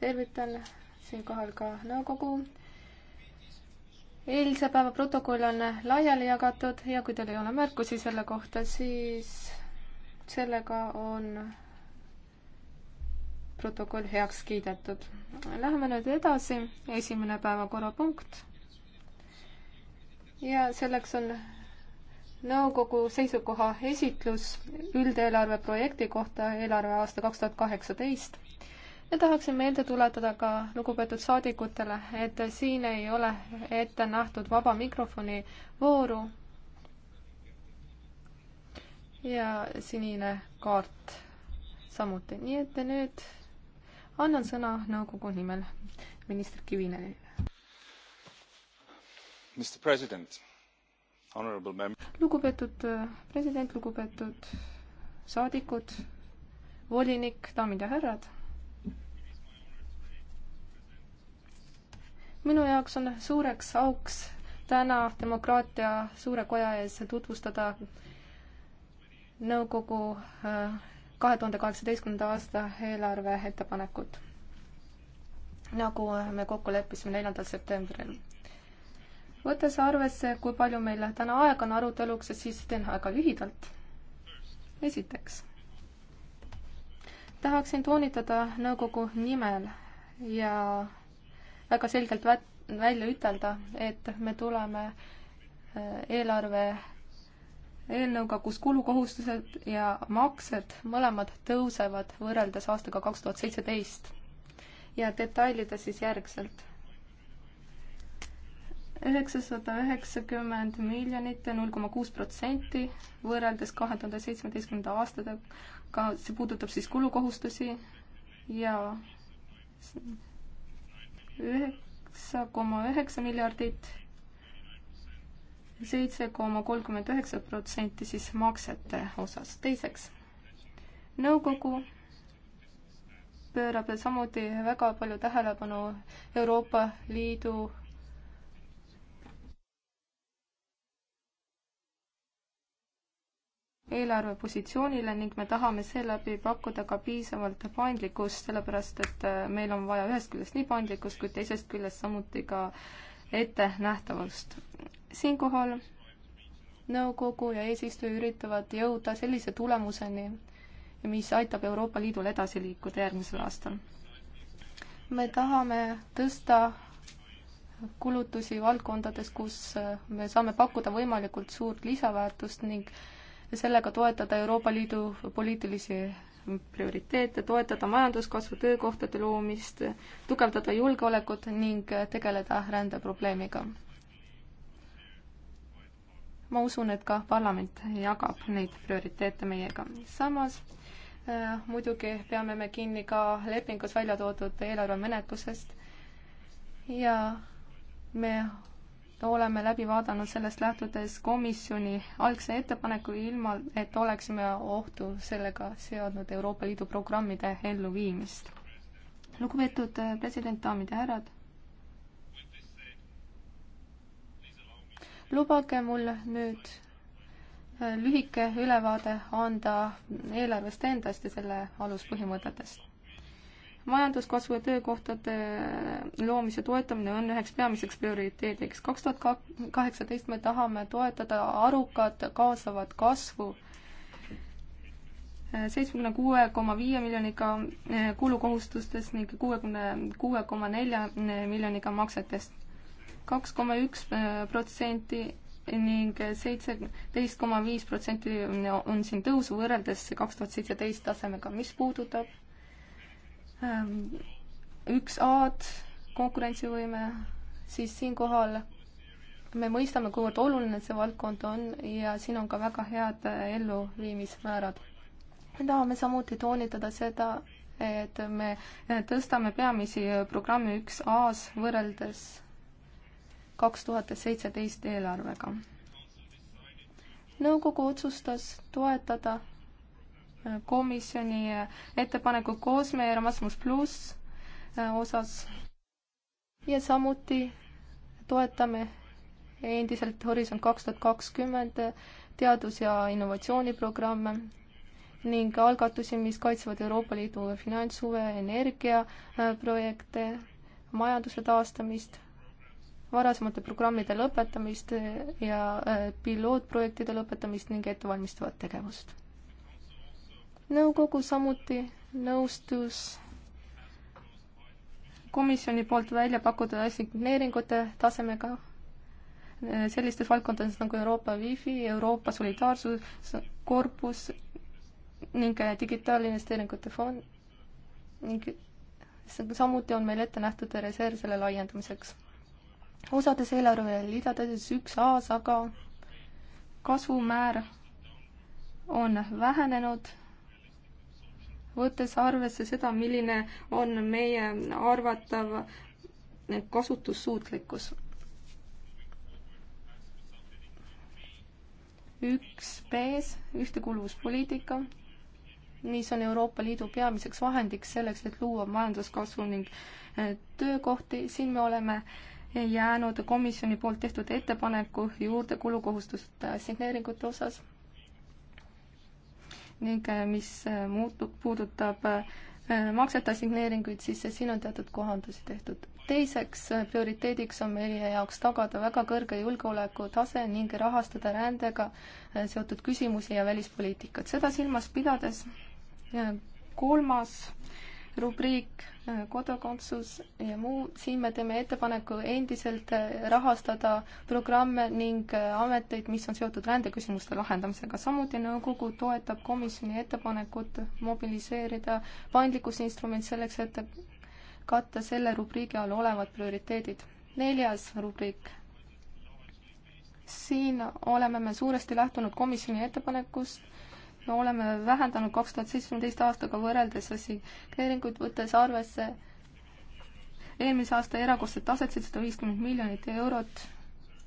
tervitan siinkohal ka nõukogu. eilse päeva protokoll on laiali jagatud ja kui teil ei ole märkusi selle kohta, siis sellega on protokoll heaks kiidetud. Läheme nüüd edasi, esimene päevakorrapunkt. ja selleks on nõukogu seisukoha esitlus üldeelarve projekti kohta eelarveaasta kaks tuhat kaheksateist ja tahaksin meelde tuletada ka lugupeetud saadikutele, et siin ei ole ette nähtud vaba mikrofoni vooru ja sinine kaart samuti, nii et nüüd annan sõna nõukogu nimel minister Kivinenile. lugupeetud äh, president, lugupeetud saadikud, volinik, daamid ja härrad minu jaoks on suureks auks täna demokraatia suure koja ees tutvustada nõukogu äh, kahe tuhande kaheksateistkümnenda aasta eelarve ettepanekut, nagu me kokku leppisime neljandal septembril. võttes arvesse, kui palju meil täna aega on aruteluks, siis teen väga lühidalt. esiteks tahaksin toonitada nõukogu nimel ja väga selgelt välja ütelda, et me tuleme äh, eelarve eelnõuga, kus kulukohustused ja maksed mõlemad tõusevad võrreldes aastaga kaks tuhat seitseteist ja detailida siis järgselt. üheksasada üheksakümmend miljonit ja null koma kuus protsenti võrreldes kahe tuhande seitsmeteistkümnenda aastaga, see puudutab siis kulukohustusi ja üheksa koma üheksa miljardit, seitse koma kolmkümmend üheksa protsenti siis maksete osas. teiseks, nõukogu pöörab samuti väga palju tähelepanu Euroopa Liidu eelarvepositsioonile ning me tahame seeläbi pakkuda ka piisavalt paindlikkust, sellepärast et äh, meil on vaja ühest küljest nii paindlikkust, kuid teisest küljest samuti ka ettenähtavust. siinkohal nõukogu ja eesistuja üritavad jõuda sellise tulemuseni, mis aitab Euroopa Liidul edasi liikuda järgmisel aastal. me tahame tõsta kulutusi valdkondades, kus äh, me saame pakkuda võimalikult suurt lisaväärtust ning ja sellega toetada Euroopa Liidu poliitilisi prioriteete, toetada majanduskasvu, töökohtade loomist, tugevdada julgeolekut ning tegeleda rändeprobleemiga. ma usun, et ka parlament jagab neid prioriteete meiega. samas äh, muidugi peame me kinni ka lepingus välja toodud eelarvemenetlusest ja me oleme läbi vaadanud sellest lähtudes komisjoni algse ettepaneku ilma, et oleksime ohtu sellega seadnud Euroopa Liidu programmide elluviimist. lugupeetud äh, president, daamid ja härrad. lubage mul nüüd äh, lühike ülevaade anda eelarvest endast ja selle aluspõhimõtetest majanduskasvu ja töökohtade loomise toetamine on üheks peamiseks prioriteediks. kaks tuhat kaheksateist me tahame toetada arukat kaasavat kasvu seitsmekümne kuue koma viie miljoniga eh, kulukohustustest ning kuuekümne kuue koma nelja eh, miljoniga maksetest. kaks koma üks protsenti eh, ning seitseteist koma viis protsenti on siin tõusu võrreldes kaks tuhat seitseteist tasemega. mis puudutab Ähm, üks A-d, konkurentsivõime, siis siinkohal me mõistame, kuivõrd oluline see valdkond on ja siin on ka väga head elluviimismäärad. me tahame samuti toonitada seda, et me tõstame peamisi programmi üks A-s võrreldes kaks tuhat seitseteist eelarvega. nõukogu otsustas toetada komisjoni ettepaneku Koosme Erasmus pluss äh, osas. ja samuti toetame endiselt Horisont kaks tuhat kakskümmend teadus- ja innovatsiooniprogramme ning algatusi, mis kaitsevad Euroopa Liidu finantshuve, energiaprojekte, äh, majanduse taastamist, varasemate programmide lõpetamist äh, ja pilootprojektide lõpetamist ning ettevalmistavat tegevust nõukogu samuti nõustus komisjoni poolt välja pakutud assigneeringute tasemega äh, sellistes valdkondades nagu Euroopa Wi-Fi, Euroopa solidaarsuskorpus ning äh, digitaalinvesteeringute fond ning samuti on meil ette nähtud reserv selle laiendamiseks. osades eelarveridades üks A-s aga kasvumäär on vähenenud võttes arvesse seda, milline on meie arvatav kasutussuutlikkus. üks B-s, ühtekuuluvuspoliitika, mis on Euroopa Liidu peamiseks vahendiks selleks, et luua majanduskasvu ning eh, töökohti, siin me oleme jäänud komisjoni poolt tehtud ettepaneku juurde kulukohustuste signeeringute osas ning äh, mis äh, muutub, puudutab äh, maksete assigneeringuid, siis siin on teatud kohandusi tehtud. teiseks prioriteediks on meie jaoks tagada väga kõrge julgeolekutase ning rahastada rändega seotud küsimusi ja välispoliitikat. seda silmas pidades kolmas äh, rubriik äh, kodakondsus ja muu, siin me teeme ettepaneku endiselt äh, rahastada programme ning äh, ameteid, mis on seotud rändeküsimuste lahendamisega. samuti nõukogu toetab komisjoni ettepanekut mobiliseerida paindlikkusinstrument selleks, et katta selle rubriigi all olevad prioriteedid. neljas rubriik. siin oleme me suuresti lähtunud komisjoni ettepanekust oleme vähendanud kaks tuhat seitsmeteist aastaga võrreldes assigneeringuid, võttes arvesse eelmise aasta erakordset taset seitsesada viiskümmend miljonit eurot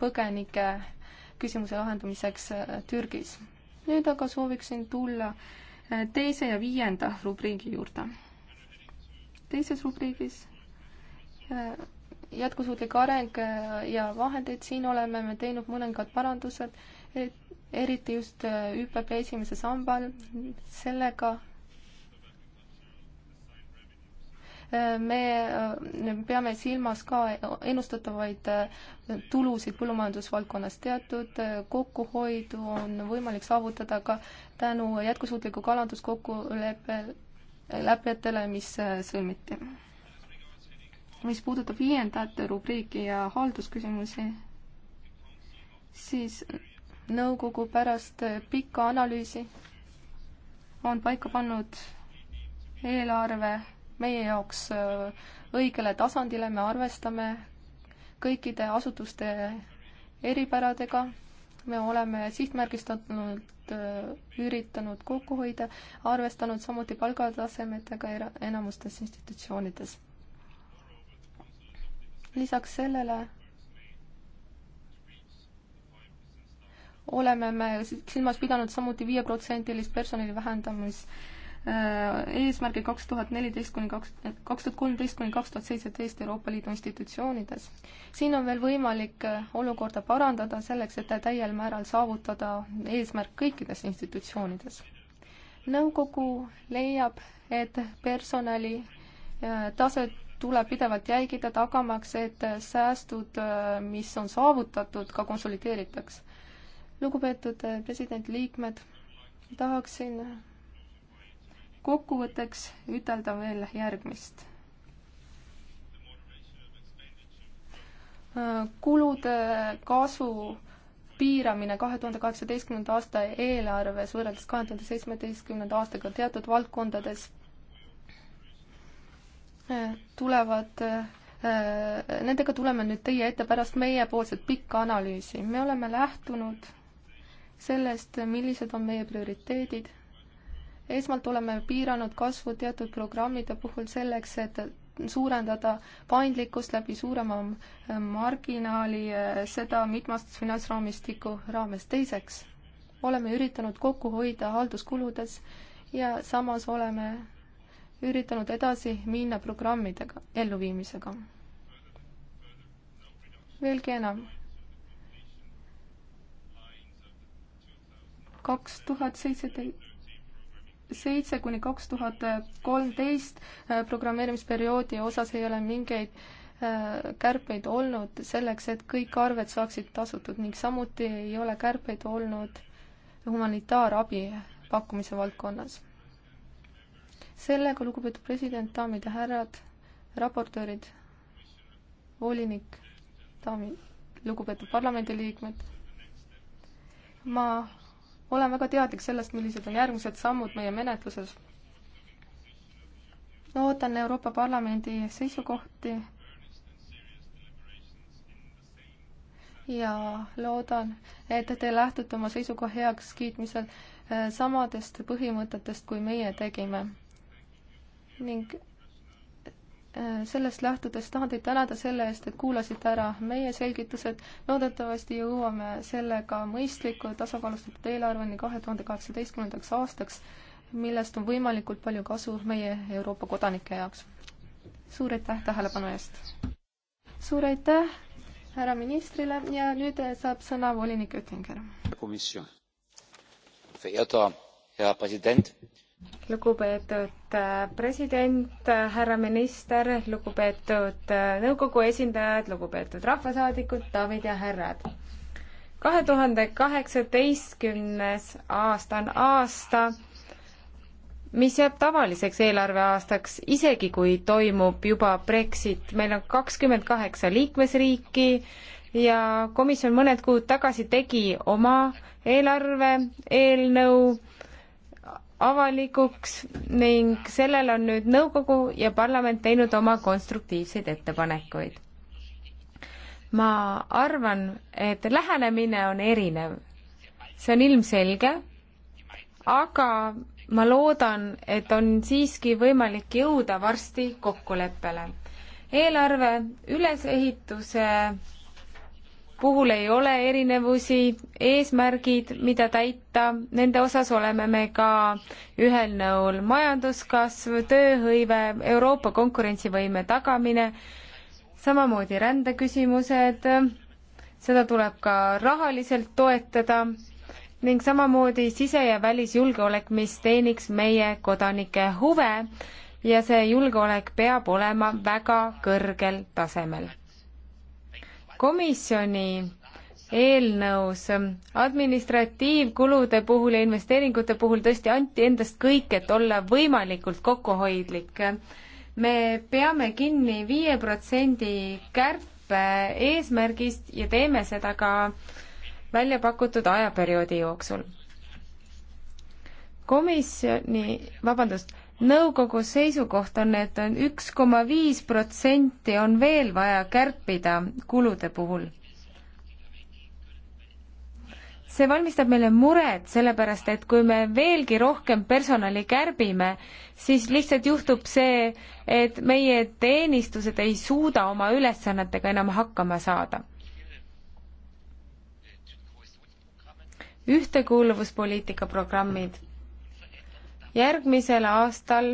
põgenike küsimuse lahendamiseks äh, Türgis. nüüd aga sooviksin tulla äh, teise ja viienda rubriigi juurde. teises rubriigis äh, jätkusuutlik areng ja vahendeid, siin oleme me teinud mõningad parandused eriti just äh, ÜPP esimese sambal, sellega äh, äh, me peame silmas ka ennustatavaid tulusid põllumajandusvaldkonnas. teatud kokkuhoidu on võimalik saavutada ka tänu jätkusuutliku kalanduskokkulepetele, mis sõlmiti. mis puudutab viiendat rubriiki ja haldusküsimusi, siis nõukogu pärast pikka analüüsi on paika pannud eelarve meie jaoks äh, õigele tasandile, me arvestame kõikide asutuste eripäradega, me oleme sihtmärgistatult äh, üritanud kokku hoida, arvestanud samuti palgatasemetega enamustes institutsioonides. lisaks sellele oleme me silmas pidanud samuti viieprotsendilist personali vähendamis äh, eesmärgil kaks tuhat neliteist kuni kaks, kaks tuhat kolmteist kuni kaks tuhat seitseteist Euroopa Liidu institutsioonides. siin on veel võimalik äh, olukorda parandada selleks, et täiel määral saavutada eesmärk kõikides institutsioonides. nõukogu leiab, et personali äh, taset tuleb pidevalt jälgida, tagamaks, et säästud, mis on saavutatud, ka konsolideeritaks lugupeetud äh, president, liikmed, tahaksin kokkuvõtteks ütelda veel järgmist. Äh, kulude kasvu piiramine kahe tuhande kaheksateistkümnenda aasta eelarves võrreldes kahe tuhande seitsmeteistkümnenda aastaga teatud valdkondades äh, tulevad, nendega tuleme nüüd teie ette pärast meiepoolset pikka analüüsi. me oleme lähtunud sellest, millised on meie prioriteedid. esmalt oleme piiranud kasvu teatud programmide puhul selleks, et suurendada paindlikkust läbi suurema eh, marginaali, eh, seda mitmast finantsraamistiku raames. teiseks, oleme üritanud kokku hoida halduskuludes ja samas oleme üritanud edasi minna programmidega, elluviimisega. veelgi enam kaks tuhat seitseteist seitse kuni kaks tuhat kolmteist äh, programmeerimisperioodi osas ei ole mingeid äh, kärpeid olnud selleks, et kõik arved saaksid tasutud ning samuti ei ole kärpeid olnud humanitaarabi pakkumise valdkonnas. sellega, lugupeetud president, daamid ja härrad, raportöörid, volinik, daamid, lugupeetud parlamendiliikmed, ma olen väga teadlik sellest, millised on järgmised sammud meie menetluses. ootan Euroopa Parlamendi seisukohti ja loodan, et te lähtute oma seisukoha heakskiitmisel eh, samadest põhimõtetest, kui meie tegime. ning Äh, sellest lähtudes tahan teid tänada selle eest, et kuulasite ära meie selgitused. loodetavasti jõuame sellega mõistliku tasakaalustatud eelarveni kahe tuhande kaheksateistkümnendaks aastaks, millest on võimalikult palju kasu meie Euroopa kodanike jaoks. suur aitäh tähelepanu eest! suur aitäh härra ministrile ja nüüd saab sõna volinik Oettinger. komisjon. Verehrter Herr Präsident lugupeetud äh, president, äh, härra minister, lugupeetud äh, nõukogu esindajad, lugupeetud rahvasaadikud, daamid ja härrad. kahe tuhande kaheksateistkümnes aasta on aasta, mis jääb tavaliseks eelarveaastaks, isegi kui toimub juba Brexit. meil on kakskümmend kaheksa liikmesriiki ja komisjon mõned kuud tagasi tegi oma eelarve eelnõu avalikuks ning sellel on nüüd nõukogu ja parlament teinud oma konstruktiivseid ettepanekuid. ma arvan, et lähenemine on erinev. see on ilmselge, aga ma loodan, et on siiski võimalik jõuda varsti kokkuleppele. eelarve ülesehituse puhul ei ole erinevusi, eesmärgid, mida täita, nende osas oleme me ka ühel nõul. majanduskasv, tööhõive, Euroopa konkurentsivõime tagamine, samamoodi rändeküsimused, seda tuleb ka rahaliselt toetada ning samamoodi sise- ja välisjulgeolek, mis teeniks meie kodanike huve ja see julgeolek peab olema väga kõrgel tasemel komisjoni eelnõus administratiivkulude puhul ja investeeringute puhul tõesti anti endast kõik, et olla võimalikult kokkuhoidlik. me peame kinni viie protsendi kärpe eesmärgist ja teeme seda ka välja pakutud ajaperioodi jooksul. komisjoni, vabandust nõukogu seisukoht on, et on üks koma viis protsenti on veel vaja kärpida kulude puhul. see valmistab meile muret, sellepärast et kui me veelgi rohkem personali kärbime, siis lihtsalt juhtub see, et meie teenistused ei suuda oma ülesannetega enam hakkama saada. ühtekuuluvuspoliitika programmid järgmisel aastal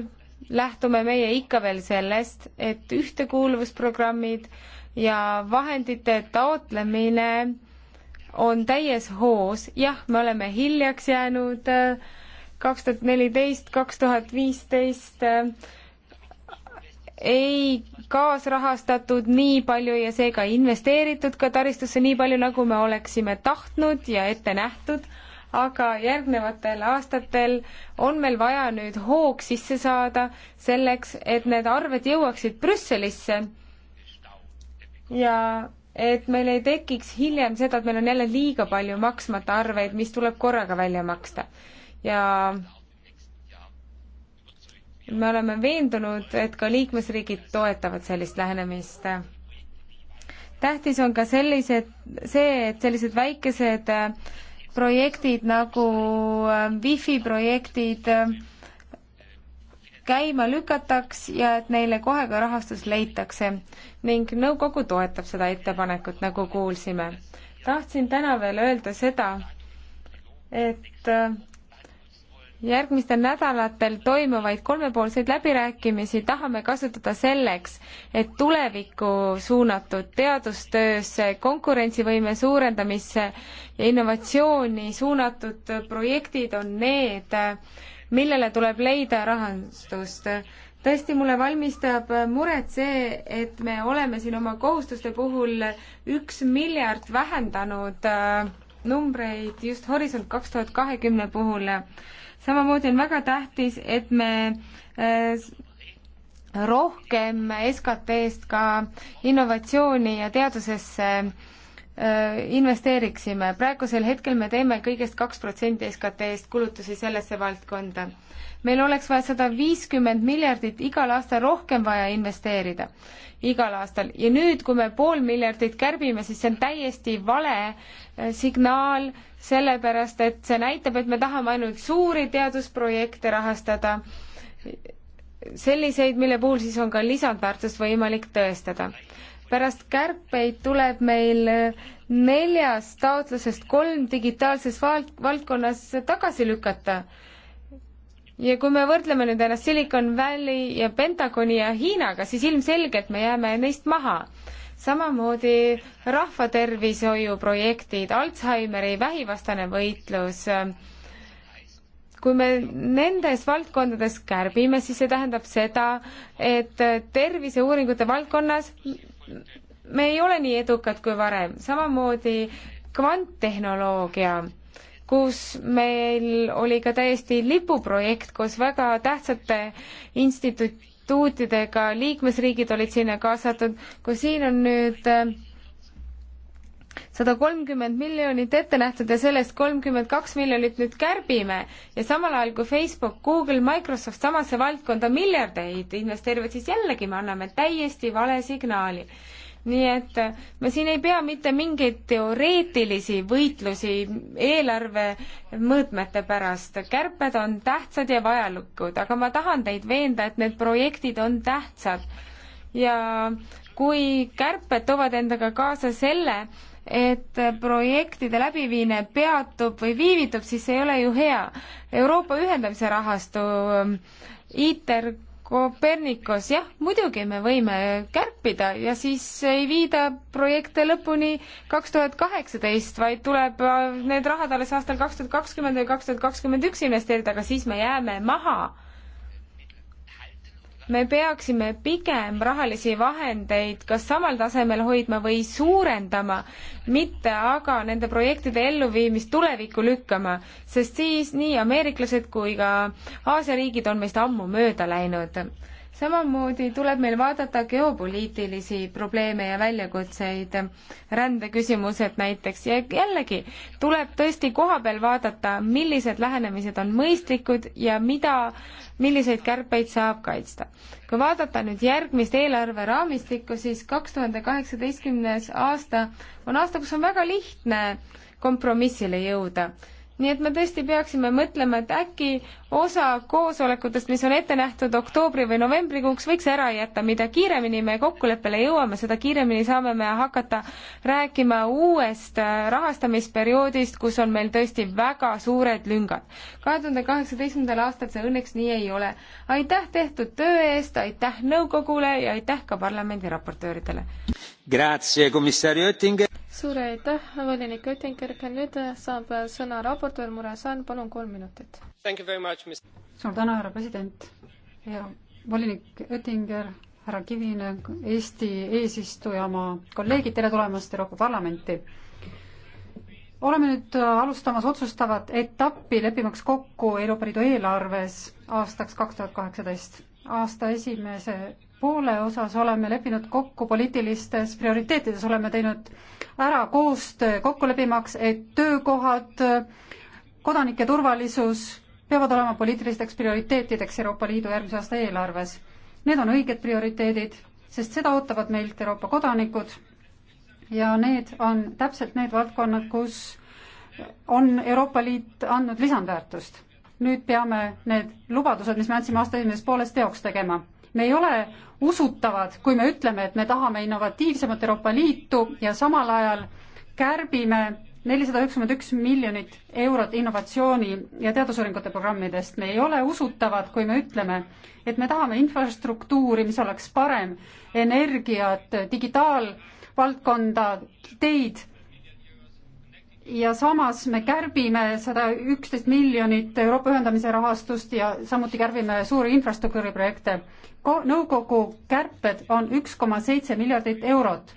lähtume meie ikka veel sellest, et ühtekuuluvusprogrammid ja vahendite taotlemine on täies hoos, jah, me oleme hiljaks jäänud äh, kaks tuhat neliteist, kaks tuhat viisteist äh, ei kaasrahastatud nii palju ja seega investeeritud ka taristusse nii palju, nagu me oleksime tahtnud ja ette nähtud aga järgnevatel aastatel on meil vaja nüüd hoog sisse saada selleks, et need arved jõuaksid Brüsselisse ja et meil ei tekiks hiljem seda, et meil on jälle liiga palju maksmata arveid, mis tuleb korraga välja maksta. ja me oleme veendunud, et ka liikmesriigid toetavad sellist lähenemist. tähtis on ka sellised, see, et sellised väikesed äh, projektid nagu äh, wifi projektid äh, käima lükataks ja et neile kohe ka rahastus leitakse ning nõukogu toetab seda ettepanekut, nagu kuulsime. tahtsin täna veel öelda seda, et äh, järgmistel nädalatel toimuvaid kolmepoolseid läbirääkimisi tahame kasutada selleks, et tulevikku suunatud teadustöösse, konkurentsivõime suurendamisse ja innovatsiooni suunatud projektid on need, millele tuleb leida rahastust. tõesti, mulle valmistab muret see, et me oleme siin oma kohustuste puhul üks miljard vähendanud äh, numbreid just Horisont kaks tuhat kahekümne puhul samamoodi on väga tähtis, et me äh, rohkem SKT-st ka innovatsiooni ja teadusesse äh, investeeriksime. praegusel hetkel me teeme kõigest kaks protsenti SKT-st kulutusi sellesse valdkonda meil oleks vaja sada viiskümmend miljardit igal aastal rohkem vaja investeerida, igal aastal. ja nüüd, kui me pool miljardit kärbime, siis see on täiesti vale äh, signaal, sellepärast et see näitab, et me tahame ainult suuri teadusprojekte rahastada, selliseid, mille puhul siis on ka lisandväärtust võimalik tõestada pärast kärpeid tuleb meil äh, neljast taotlusest kolm digitaalses vald-, valdkonnas tagasi lükata ja kui me võrdleme nüüd ennast Silicon Valley ja Pentagoni ja Hiinaga, siis ilmselgelt me jääme neist maha. samamoodi rahvatervishoiuprojektid, Alžeimeri vähivastane võitlus. kui me nendes valdkondades kärbime, siis see tähendab seda, et terviseuuringute valdkonnas me ei ole nii edukad kui varem, samamoodi kvanttehnoloogia kus meil oli ka täiesti lipuprojekt koos väga tähtsate instituutidega, liikmesriigid olid sinna kaasatud, kui siin on nüüd äh, sada kolmkümmend miljonit ette nähtud ja sellest kolmkümmend kaks miljonit nüüd kärbime ja samal ajal kui Facebook, Google, Microsoft samasse valdkonda miljardeid investeerivad, siis jällegi me anname täiesti vale signaali. nii et äh, me siin ei pea mitte mingeid teoreetilisi võitlusi eelarve mõõtmete pärast, kärped on tähtsad ja vajalikud, aga ma tahan teid veenda, et need projektid on tähtsad ja kui kärped toovad endaga kaasa selle, et projektide läbiviimine peatub või viivitub, siis see ei ole ju hea. Euroopa ühendamise rahastu, ähm, ITER, Kopernikus, jah, muidugi me võime kärpida ja siis ei viida projekte lõpuni kaks tuhat kaheksateist, vaid tuleb äh, need rahad alles aastal kaks tuhat kakskümmend või kaks tuhat kakskümmend üks investeerida, aga siis me jääme maha me peaksime pigem rahalisi vahendeid kas samal tasemel hoidma või suurendama, mitte aga nende projektide elluviimist tulevikku lükkama, sest siis nii ameeriklased kui ka Aasia riigid on meist ammu mööda läinud samamoodi tuleb meil vaadata geopoliitilisi probleeme ja väljakutseid, rändeküsimused näiteks ja jällegi tuleb tõesti kohapeal vaadata, millised lähenemised on mõistlikud ja mida, milliseid kärpeid saab kaitsta. kui vaadata nüüd järgmist eelarveraamistikku, siis kaks tuhande kaheksateistkümnes aasta on aasta, kus on väga lihtne kompromissile jõuda nii et me tõesti peaksime mõtlema, et äkki osa koosolekutest, mis on ette nähtud oktoobri või novembrikuuks, võiks ära jätta, mida kiiremini me kokkuleppele jõuame, seda kiiremini saame me hakata rääkima uuest äh, rahastamisperioodist, kus on meil tõesti väga suured lüngad. kahe tuhande kaheksateistkümnendal aastal see õnneks nii ei ole. aitäh tehtud töö eest, aitäh nõukogule ja aitäh ka parlamendi raportööridele. Grazie, komissar Oettinger suur aitäh, volinik Oettinger, nüüd saab sõna raportöör Muresan, palun kolm minutit. suur tänu, härra president ja volinik Oettinger, härra Kivine, Eesti eesistuja, oma kolleegid, tere tulemast Euroopa Parlamenti. oleme nüüd alustamas otsustavat etappi, leppimaks kokku Euroopa Liidu eelarves aastaks kaks tuhat kaheksateist. aasta esimese poole osas oleme leppinud kokku poliitilistes prioriteetides, oleme teinud ära koostöö kokku leppimaks, et töökohad, kodanike turvalisus peavad olema poliitilisteks prioriteetideks Euroopa Liidu järgmise aasta eelarves. Need on õiged prioriteedid, sest seda ootavad meilt Euroopa kodanikud ja need on täpselt need valdkonnad, kus on Euroopa Liit andnud lisandväärtust. nüüd peame need lubadused, mis me andsime aasta esimeses pooles, teoks tegema me ei ole usutavad, kui me ütleme, et me tahame innovatiivsemat Euroopa Liitu ja samal ajal kärbime nelisada üheksakümmend üks miljonit eurot innovatsiooni ja teadusuuringute programmidest. me ei ole usutavad, kui me ütleme, et me tahame infrastruktuuri, mis oleks parem, energiat, digitaalvaldkonda, teid ja samas me kärbime sada üksteist miljonit Euroopa ühendamise rahastust ja samuti kärbime suuri infrastruktuuriprojekte. nõukogu kärped on üks koma seitse miljardit eurot.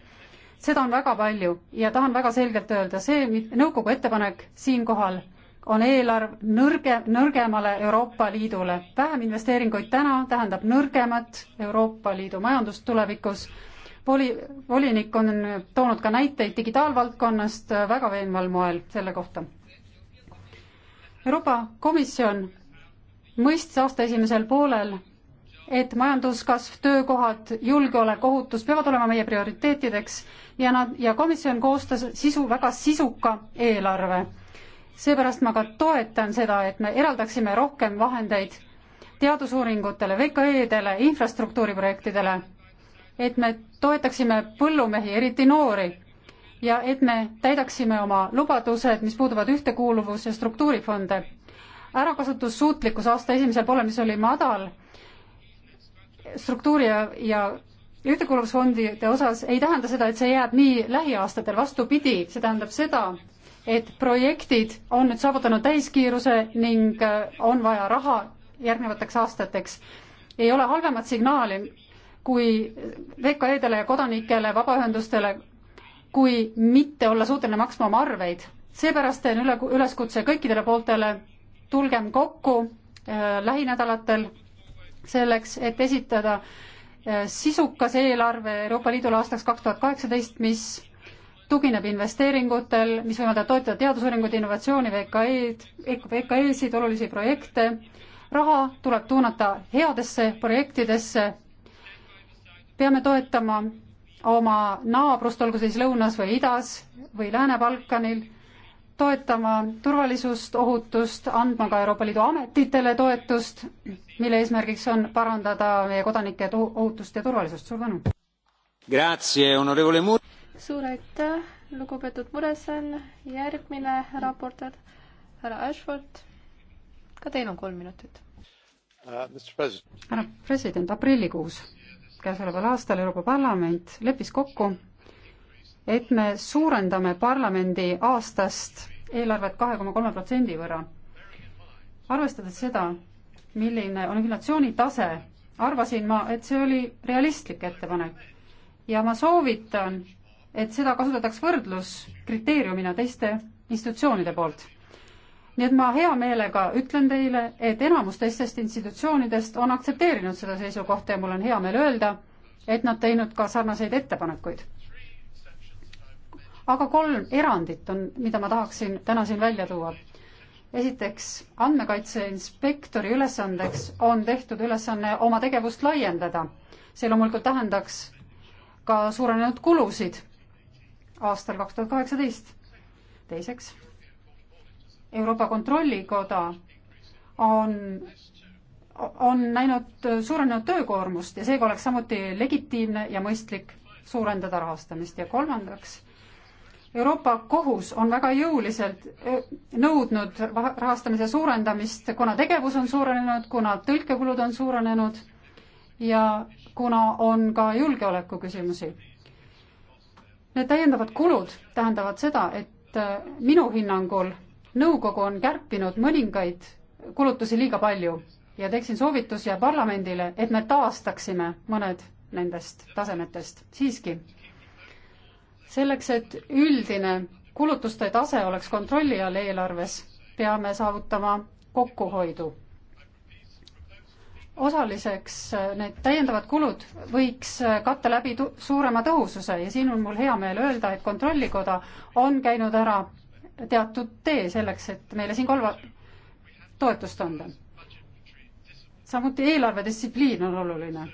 seda on väga palju ja tahan väga selgelt öelda, see nõukogu ettepanek siinkohal on eelarv nõrge, nõrgemale Euroopa Liidule. vähem investeeringuid täna tähendab nõrgemat Euroopa Liidu majandust tulevikus voli, volinik on toonud ka näiteid digitaalvaldkonnast väga veenval moel selle kohta. Euroopa Komisjon mõistis aasta esimesel poolel, et majanduskasv, töökohad, julgeolek, ohutus peavad olema meie prioriteetideks ja nad, ja komisjon koostas sisu, väga sisuka eelarve. seepärast ma ka toetan seda, et me eraldaksime rohkem vahendeid teadusuuringutele, VKE-dele, infrastruktuuriprojektidele et me toetaksime põllumehi, eriti noori, ja et me täidaksime oma lubadused, mis puuduvad ühtekuuluvus- ja struktuurifonde. ärakasutussuutlikkus aasta esimesel poolel, mis oli madal, struktuuri ja, ja ühtekuuluvusfondide osas ei tähenda seda, et see jääb nii lähiaastatel, vastupidi, see tähendab seda, et projektid on nüüd saavutanud täiskiiruse ning äh, on vaja raha järgnevateks aastateks. ei ole halvemat signaali kui VKE-dele ja kodanikele, vabaühendustele, kui mitte olla suuteline maksma oma arveid. seepärast teen üle, üleskutse kõikidele pooltele, tulgem kokku äh, lähinädalatel selleks, et esitada äh, sisukas eelarve Euroopa Liidule aastaks kaks tuhat kaheksateist, mis tugineb investeeringutel, mis võimaldab toetada teadusuuringuid, innovatsiooni, VKE-d, VKE-sid, olulisi projekte. raha tuleb tuunata headesse projektidesse peame toetama oma naabrust, olgu siis lõunas või idas või Lääne-Balkanil, toetama turvalisust, ohutust, andma ka Euroopa Liidu ametitele toetust, mille eesmärgiks on parandada meie kodanike ohutust ja turvalisust. suur tänu! suur aitäh, lugupeetud Muresel, järgmine raportöör, härra Ashford, ka teil on kolm minutit uh,. härra president, aprillikuus käesoleval aastal Euroopa Parlament leppis kokku, et me suurendame parlamendi aastast eelarvet kahe koma kolme protsendi võrra. arvestades seda, milline on inflatsiooni tase, arvasin ma, et see oli realistlik ettepanek ja ma soovitan, et seda kasutataks võrdluskriteeriumina teiste institutsioonide poolt nii et ma hea meelega ütlen teile, et enamus teistest institutsioonidest on aktsepteerinud seda seisukohta ja mul on hea meel öelda, et nad teinud ka sarnaseid ettepanekuid. aga kolm erandit on, mida ma tahaksin täna siin välja tuua. esiteks, andmekaitse inspektori ülesandeks on tehtud ülesanne oma tegevust laiendada. see loomulikult tähendaks ka suurenenud kulusid aastal kaks tuhat kaheksateist. teiseks Euroopa Kontrollikoda on, on näinud suurenenud töökoormust ja seega oleks samuti legitiimne ja mõistlik suurendada rahastamist ja kolmandaks, Euroopa Kohus on väga jõuliselt eh, nõudnud rahastamise suurendamist, kuna tegevus on suurenenud, kuna tõlkekulud on suurenenud ja kuna on ka julgeoleku küsimusi. Need täiendavad kulud tähendavad seda, et eh, minu hinnangul nõukogu on kärpinud mõningaid kulutusi liiga palju ja teeksin soovitusi parlamendile, et me taastaksime mõned nendest tasemetest siiski. selleks, et üldine kulutuste tase oleks kontrolli all eelarves, peame saavutama kokkuhoidu. osaliseks äh, need täiendavad kulud võiks äh, katta läbi suurema tõhususe ja siin on mul hea meel öelda, et Kontrollikoda on käinud ära teatud tee selleks, et meile siin kolva toetust anda. samuti eelarvedistsipliin on oluline.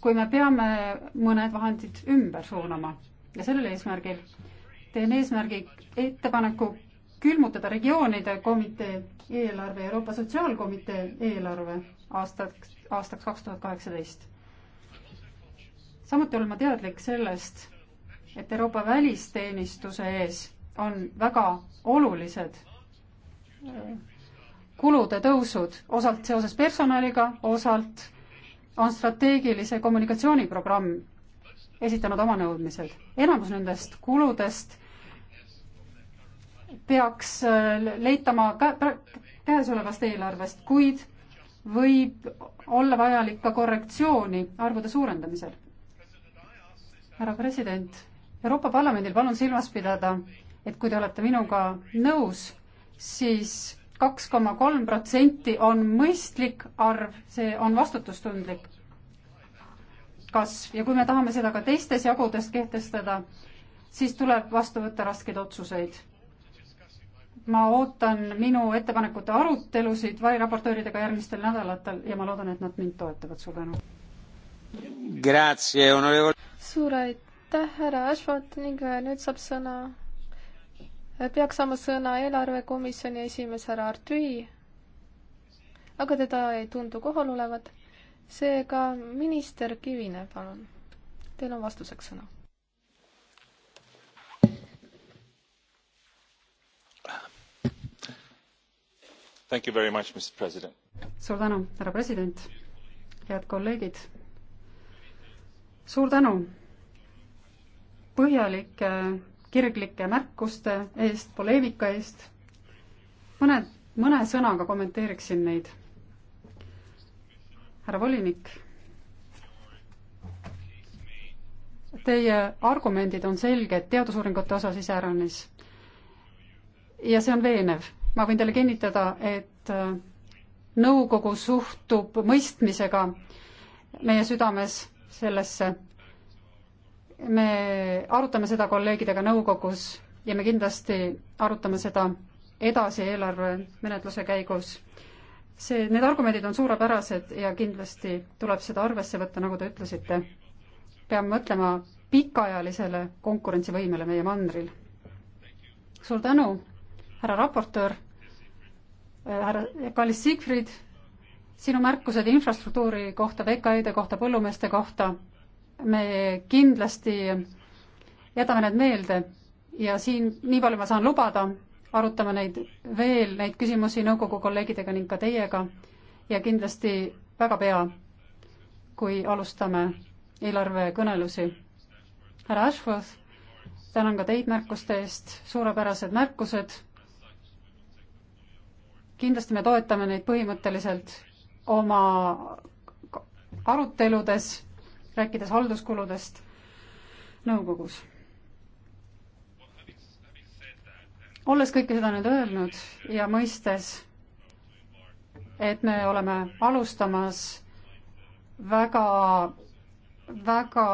kui me peame mõned vahendid ümber suunama ja sellel eesmärgil teen eesmärgi ettepaneku külmutada regioonide komitee eelarve, Euroopa Sotsiaalkomitee eelarve aastaks, aastaks kaks tuhat kaheksateist. samuti olen ma teadlik sellest, et Euroopa välisteenistuse ees on väga olulised äh, kulude tõusud, osalt seoses personaliga, osalt on strateegilise kommunikatsiooniprogramm esitanud oma nõudmised. enamus nendest kuludest peaks äh, leitama käesolevast eelarvest, kuid võib olla vajalik ka korrektsiooni arvude suurendamisel. härra president, Euroopa Parlamendil palun silmas pidada, et kui te olete minuga nõus siis, siis kaks koma kolm protsenti on mõistlik arv, see on vastutustundlik kasv ja kui me tahame seda ka teistes jagudes kehtestada, siis tuleb vastu võtta raskeid otsuseid. ma ootan minu ettepanekute arutelusid variraportööridega järgmistel nädalatel ja ma loodan, et nad mind toetavad, suur tänu. suur aitäh aitäh, härra Ashford ning äh, nüüd saab sõna, äh, peaks saama sõna eelarvekomisjoni esimees härra Artüi, aga teda ei tundu kohal olevat. seega minister Kivine, palun, teil on vastuseks sõna Much, suur tänu härra president head kolleegid suur tänu põhjalike kirglike märkuste eest, poleemika eest. mõned, mõne sõnaga kommenteeriksin neid. härra volinik, teie argumendid on selged teadusuuringute osas iseäranis ja see on veenev. ma võin teile kinnitada, et äh, nõukogu suhtub mõistmisega meie südames sellesse me arutame seda kolleegidega nõukogus ja me kindlasti arutame seda edasi eelarvemenetluse käigus. see, need argumendid on suurepärased ja kindlasti tuleb seda arvesse võtta, nagu te ütlesite. peame mõtlema pikaajalisele konkurentsivõimele meie mandril. suur tänu, härra raportöör, äh, härra, kallis Siegfried, sinu märkused infrastruktuuri kohta, VKE-de kohta, põllumeeste kohta me kindlasti jätame need meelde ja siin nii palju ma saan lubada, arutame neid veel, neid küsimusi nõukogu kolleegidega ning ka teiega ja kindlasti väga pea, kui alustame eelarvekõnelusi. härra Ashworth, tänan ka teid märkuste eest, suurepärased märkused. kindlasti me toetame neid põhimõtteliselt oma aruteludes rääkides halduskuludest nõukogus. olles kõike seda nüüd öelnud ja mõistes, et me oleme alustamas väga, väga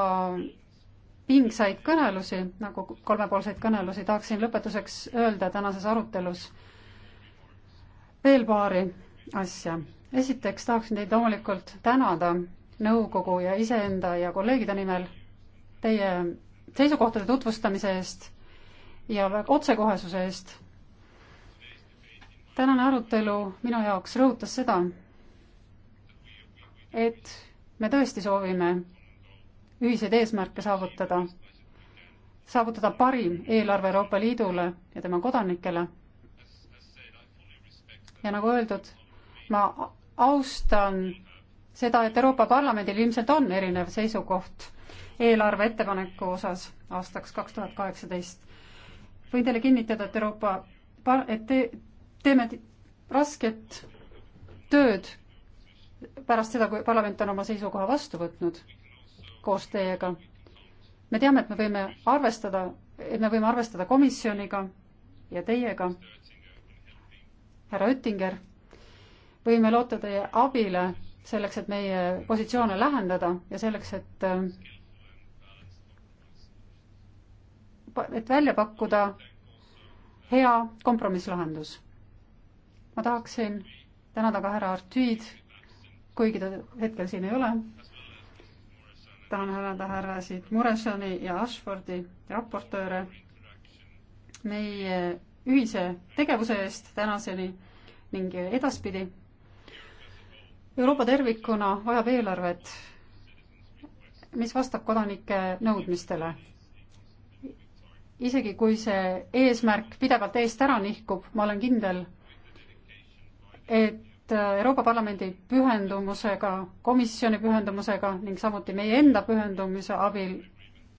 pingsaid kõnelusi, nagu kolmepoolseid kõnelusi, tahaksin lõpetuseks öelda tänases arutelus veel paari asja. esiteks tahaksin teid loomulikult tänada nõukogu ja iseenda ja kolleegide nimel teie seisukohtade tutvustamise eest ja otsekohesuse eest. tänane arutelu minu jaoks rõhutas seda, et me tõesti soovime ühiseid eesmärke saavutada, saavutada parim eelarve Euroopa Liidule ja tema kodanikele. ja nagu öeldud, ma austan seda, et Euroopa Parlamendil ilmselt on erinev seisukoht eelarve ettepaneku osas aastaks kaks tuhat kaheksateist. võin teile kinnitada, et Euroopa par-, et te, teeme rasket tööd pärast seda, kui parlament on oma seisukoha vastu võtnud koos teiega. me teame, et me võime arvestada, et me võime arvestada komisjoniga ja teiega, härra Oettinger, võime loota teie abile selleks, et meie positsioone lähendada ja selleks, et et välja pakkuda hea kompromisslahendus. ma tahaksin tänada ka härra Artüid, kuigi ta hetkel siin ei ole. tahan tänada härrasid Muressoni ja Ashfordi raportööre meie ühise tegevuse eest tänaseni ning edaspidi Euroopa tervikuna vajab eelarvet, mis vastab kodanike nõudmistele. isegi kui see eesmärk pidevalt eest ära nihkub, ma olen kindel, et Euroopa Parlamendi pühendumusega, komisjoni pühendumusega ning samuti meie enda pühendumise abil